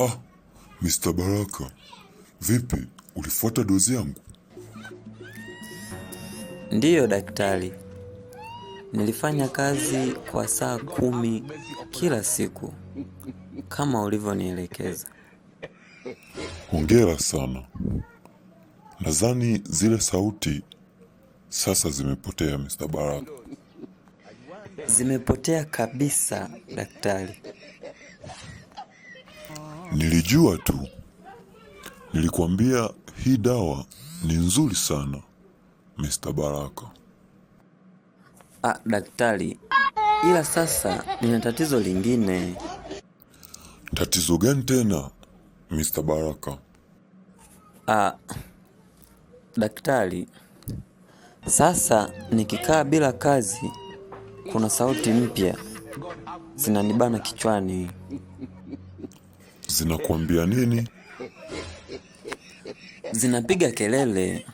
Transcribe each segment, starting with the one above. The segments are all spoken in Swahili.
Ah, Mr. Baraka, vipi? Ulifuata dozi yangu? Ndiyo daktari, nilifanya kazi kwa saa kumi kila siku kama ulivyonielekeza. Hongera sana. Nadhani zile sauti sasa zimepotea, Mr. Baraka. Zimepotea kabisa daktari. Nilijua tu. Nilikwambia hii dawa ni nzuri sana, Mr. Baraka. Ah, daktari, ila sasa nina tatizo lingine. Tatizo gani tena, Mr. Baraka? Ah, daktari, sasa nikikaa bila kazi kuna sauti mpya zinanibana kichwani. Zinakuambia nini? Zinapiga kelele,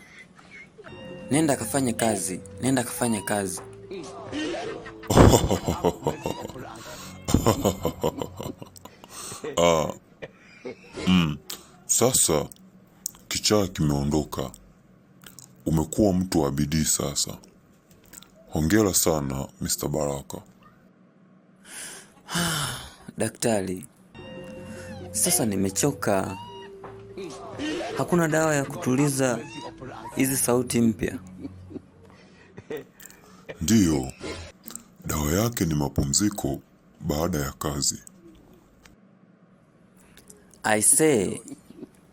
nenda kafanye kazi, nenda kafanye kazi. Ah, mm, sasa kichaa kimeondoka. Umekuwa mtu wa bidii sasa. Hongera sana Mr. Baraka. Daktari, sasa nimechoka, hakuna dawa ya kutuliza hizi sauti mpya. Ndiyo, dawa yake ni mapumziko baada ya kazi. Aisee,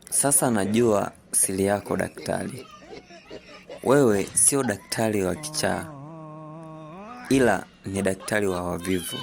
sasa najua siri yako daktari. Wewe sio daktari wa kichaa, ila ni daktari wa wavivu.